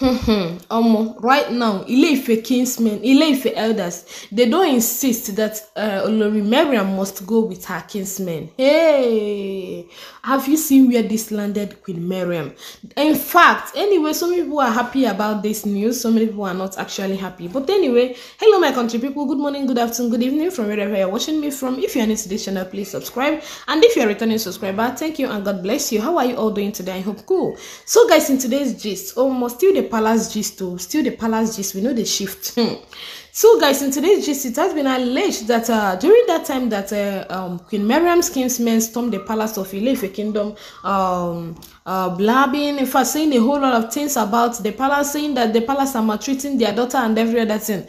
Um. right now, Ile-Ife kinsmen, Ile-Ife elders, they don't insist that uh, Olori Mariam must go with her kinsmen. Hey, have you seen where this landed Queen Mariam? In fact, anyway, some people are happy about this news, some people are not actually happy. But anyway, hello my country people, good morning, good afternoon, good evening from wherever you're watching me from. If you're new to this channel, please subscribe. And if you're a returning subscriber, thank you and God bless you. How are you all doing today? I hope cool. So guys, in today's gist, almost still the palace gist o still the palace gist we know the shift so guys in today's gist it has been alleged that uh, during that time that uh, um, queen mariam's kinsmen stormed the palace of Ilife kingdom um, uh, blabbing in fact saying a whole lot of things about the palace saying that the palace are maltreating their daughter and every other thing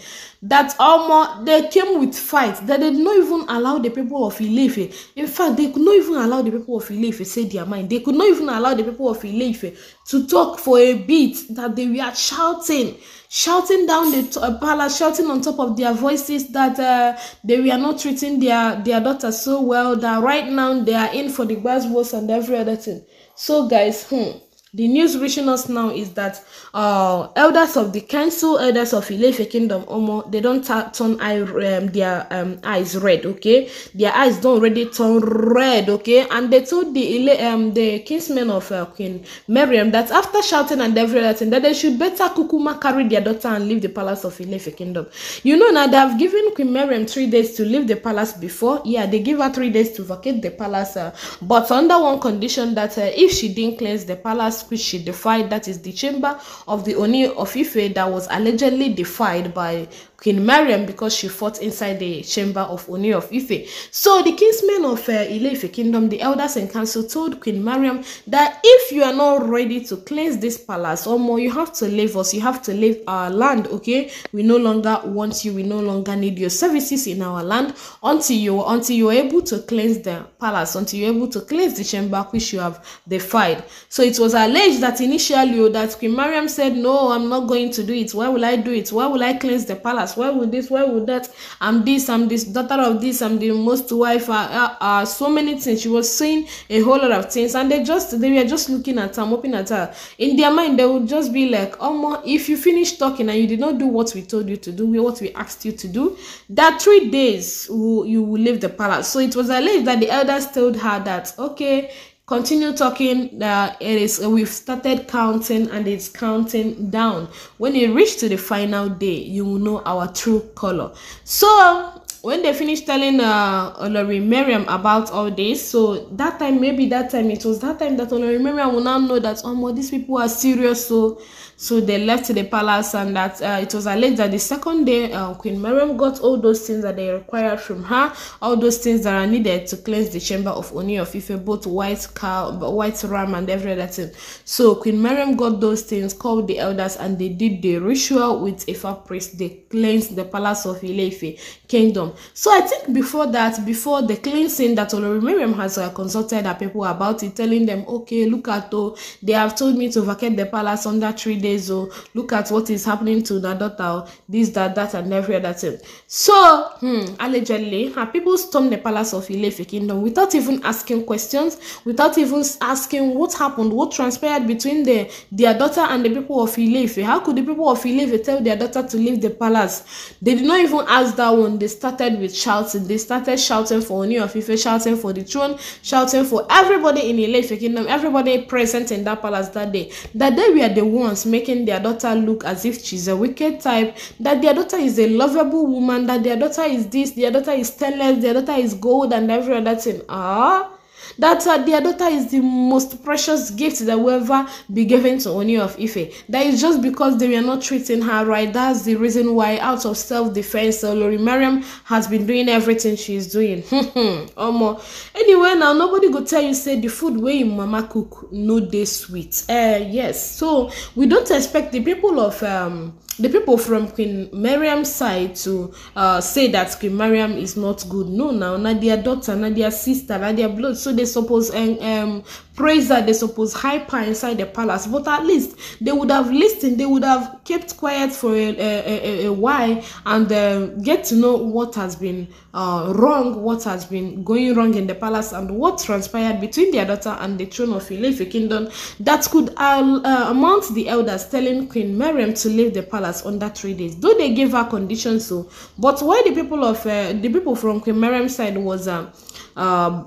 that omo they came with fight they did not even allow the people of Ilefe in fact they could not even allow the people of Ilefe say their mind they could not even allow the people of Ilefe to talk for a bit that they were shouting shouting down the uh, palace shouting on top of their voices that uh, they were not treating their their daughter so well that right now they are in for the bad words and every other thing so guys hmm The news reaching us now is that uh, elders of the council, elders of Ilefe Kingdom, Omo, they don't turn eye, um, their um, eyes red, okay? Their eyes don't already turn red, okay? And they told the Ile, um, the kinsmen of uh, Queen Miriam that after shouting and every other thing, that they should better Kukuma carry their daughter and leave the palace of Ilefe Kingdom. You know now, they have given Queen Miriam three days to leave the palace before. Yeah, they give her three days to vacate the palace, uh, but under one condition that uh, if she didn't cleanse the palace, palace which she defied, that is the chamber of the Oni of Ife that was allegedly defied by Queen Mariam because she fought inside the chamber of Oni of Ife. So the kinsmen of uh, Ife kingdom, the elders and council told Queen Mariam that if you are not ready to cleanse this palace or more, you have to leave us. You have to leave our land, okay? We no longer want you. We no longer need your services in our land until you until you're able to cleanse the palace, until you're able to cleanse the chamber which you have defied. So it was alleged that initially oh, that Queen Mariam said, no, I'm not going to do it. Why will I do it? Why will I cleanse the palace? brothers why would this why would that i'm this i'm this daughter of this i'm the most wife uh, uh, uh, so many things she was saying a whole lot of things and they just they were just looking at her hoping at her in their mind they would just be like "Oh my, if you finish talking and you did not do what we told you to do what we asked you to do that three days you will leave the palace so it was alleged that the elders told her that okay continue talking uh, it is we've started counting and it's counting down when you reach to the final day you will know our true color so when they finished telling uh Olori Miriam about all this, so that time maybe that time it was that time that Olori Miriam will now know that um oh, well, these people are serious, so so they left the palace and that uh, it was alleged that the second day uh, Queen Miriam got all those things that they required from her, all those things that are needed to cleanse the chamber of Oni of Ife, both white cow, white ram and every other thing. So Queen Miriam got those things, called the elders and they did the ritual with Ifa priest. They cleansed the palace of Ile Ife kingdom done. So I think before that, before the cleansing that Olori Miriam has uh, consulted her people about it, telling them, okay, look at, oh, they have told me to vacate the palace under three days, oh, look at what is happening to the daughter, oh, this, that, that, and every other thing. So, hmm, allegedly, her people stormed the palace of Ilefi Kingdom without even asking questions, without even asking what happened, what transpired between the, their daughter and the people of Ilefi. How could the people of Ilefi tell their daughter to leave the palace? They did not even ask that one. They started started with shouting. They started shouting for Oni of shouting for the throne, shouting for everybody in Ile-Ife kingdom, everybody present in that palace that day. That day, we are the ones making their daughter look as if she's a wicked type, that their daughter is a lovable woman, that their daughter is this, their daughter is stainless, their daughter is gold and every other thing. Ah that uh, their daughter is the most precious gift that will ever be given to Oni of Ife. That is just because they were not treating her right. That's the reason why, out of self-defense, uh, Lori Mariam has been doing everything she is doing. Omo. Anyway, now nobody go tell you say the food wey im mama cook no dey sweet. Uh, yes. So we don't expect the people of um, the people from Queen Mariam's side to uh, say that Queen Mariam is not good. No, now, not their daughter, not their sister, not their blood. So they suppose and um, um, praise that they suppose hyper inside the palace. But at least they would have listened. They would have kept quiet for a, a, a, a while and uh, get to know what has been uh, wrong, what has been going wrong in the palace, and what transpired between their daughter and the throne of Ilefe Kingdom that could uh, uh amount the elders telling Queen Mariam to leave the palace dollars under three days though they gave her conditions so but why the people of uh, the people from Queen side was uh, uh,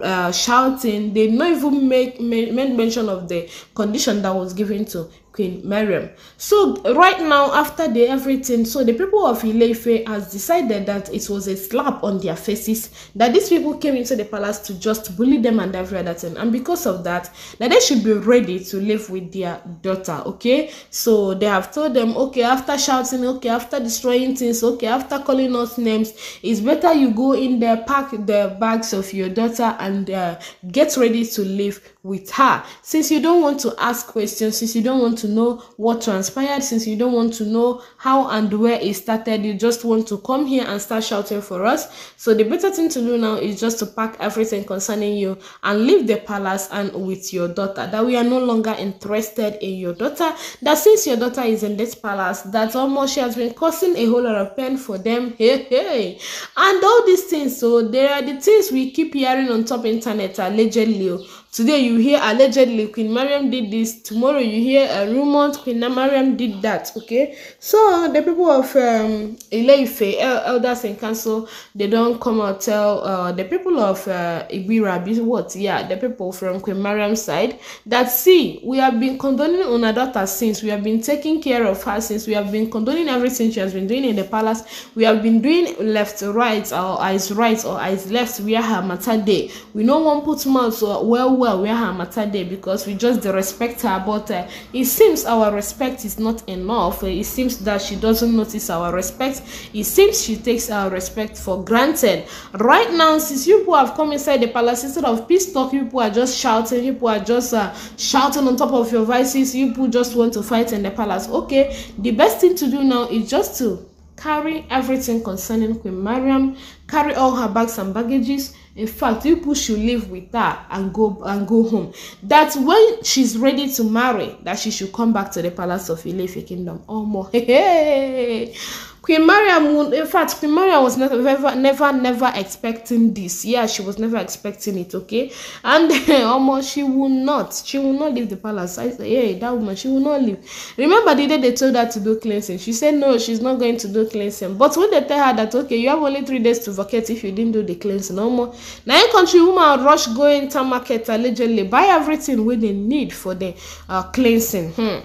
uh, shouting they not even make, make mention of the condition that was given to Queen Miriam. So right now, after the everything, so the people of Ileife has decided that it was a slap on their faces that these people came into the palace to just bully them and every other thing, and because of that, that they should be ready to live with their daughter. Okay, so they have told them, okay, after shouting, okay, after destroying things, okay, after calling us names, it's better you go in there, pack the bags of your daughter, and uh, get ready to live with her since you don't want to ask questions since you don't want to know what transpired since you don't want to know how and where it started you just want to come here and start shouting for us so the better thing to do now is just to pack everything concerning you and leave the palace and with your daughter that we are no longer interested in your daughter that since your daughter is in this palace that almost she has been causing a whole lot of pain for them hey hey and all these things so there are the things we keep hearing on top internet allegedly oh. Today you hear allegedly Queen Mariam did this. Tomorrow you hear a rumor Queen Mariam did that. Okay, so the people of um, Ileife, elders in council, they don't come out tell uh, the people of uh, Ibirabi what? Yeah, the people from Queen Mariam's side that see we have been condoning on her daughter since we have been taking care of her since we have been condoning everything she has been doing in the palace. We have been doing left right or eyes right or eyes left. We are her matter day. We no one put mouth so well well where her matter there because we just disrespect her but uh, it seems our respect is not enough it seems that she doesn't notice our respect it seems she takes our respect for granted right now since you people have come inside the palace instead of peace talk you people are just shouting you people are just uh, shouting on top of your voices you people just want to fight in the palace okay the best thing to do now is just to carry everything concerning queen mariam carry all her bags and baggages In fact, people should live with her and go and go home. That when she's ready to marry, that she should come back to the palace of ile kingdom. Oh, more. hey. Queen Mariam, in fact, Queen Mariam was never, never, never, expecting this. Yeah, she was never expecting it, okay? And almost she will not. She will not leave the palace. I say, hey, that woman, she will not leave. Remember the day they told her to do cleansing? She said, no, she's not going to do cleansing. But when they tell her that, okay, you have only three days to vacate if you didn't do the cleansing, no more. Now, country woman rush going to market allegedly, buy everything we they need for the uh, cleansing. Hmm.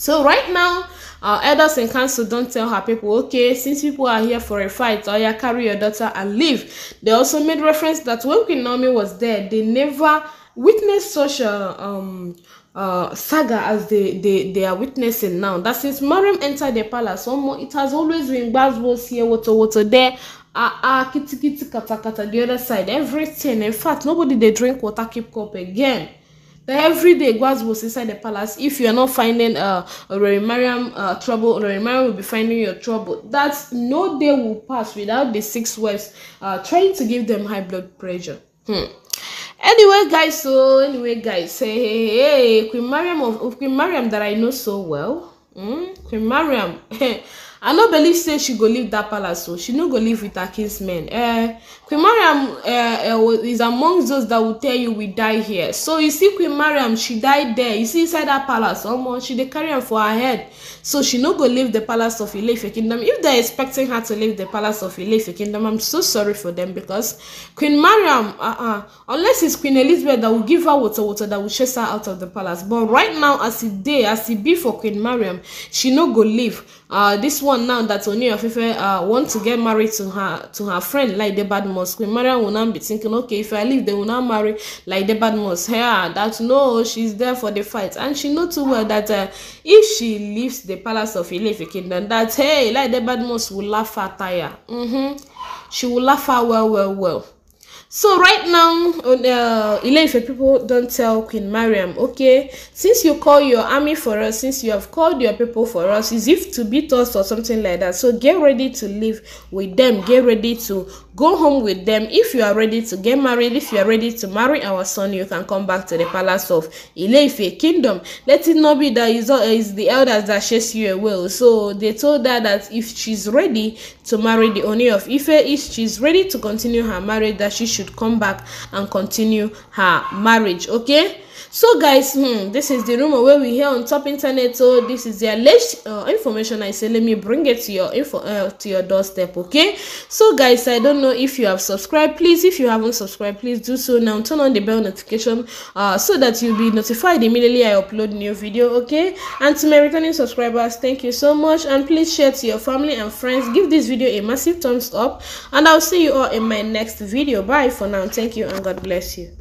So right now, our elders in council don't tell her people, okay, since people are here for a fight, Oya, oh carry your daughter and leave. They also made reference that when Queen Naomi was there, they never witnessed such a um, uh, saga as they, they, they are witnessing now. That since Mariam entered the palace, one more, it has always been buzzwords here, water, water there, ah, ah, kitty, kitty, kata, kata, the other side, everything. In fact, nobody they drink water, keep cup again every day Gwaz was inside the palace. If you are not finding uh Rary Mariam uh, trouble, Rary Mariam will be finding your trouble. That no day will pass without the six wives uh trying to give them high blood pressure. Hmm. Anyway, guys, so anyway, guys, hey, hey, hey Queen Mariam of, of Queen Mariam that I know so well. Mm? Queen Mariam. i no believe say she go leave that palace o she no go leave with her kinsmen Uh, queen mariam uh, uh, is among those that will tell you we die here so you see queen mariam she die there you see inside that palace omo she dey carry am for her head so she no go leave the palace of ileife kingdom if they expecting her to leave the palace of ileife kingdom i'm so sorry for them because queen mariam uh-uh unless it's queen elizabeth that will give her water water that will chase her out of the palace but right now as e dey as e be for queen mariam she no go leave uh this one now that Ooni of uh, want to get married to her to her friend Laide Badmus. Queen Mariam will now be thinking, okay, if I leave, they will now marry Laide Badmus. Yeah, that no, she's there for the fight, and she knows too well that uh, if she leaves the palace of ile kingdom, that hey, like Laide Badmus will laugh her tire. Mm-hmm. She will laugh her well, well, well. So right now, uh, Ileife people don't tell Queen Mariam, okay, since you call your army for us, since you have called your people for us, is if to beat us or something like that. So get ready to live with them. Get ready to go home with them if you are ready to get married if you are ready to marry our son you can come back to the palace of ile kingdom let it not be that is the elders that chase you away so they told her that if she's ready to marry the Oni of Ife if she's ready to continue her marriage that she should come back and continue her marriage okay so guys hmm, this is the rumor where we hear on top internet so this is the alleged uh, information i say let me bring it to your info uh, to your doorstep okay so guys i don't know if you have subscribed please if you haven't subscribed please do so now turn on the bell notification uh, so that you'll be notified immediately i upload new video okay and to my returning subscribers thank you so much and please share to your family and friends give this video a massive thumbs up and i'll see you all in my next video bye for now thank you and god bless you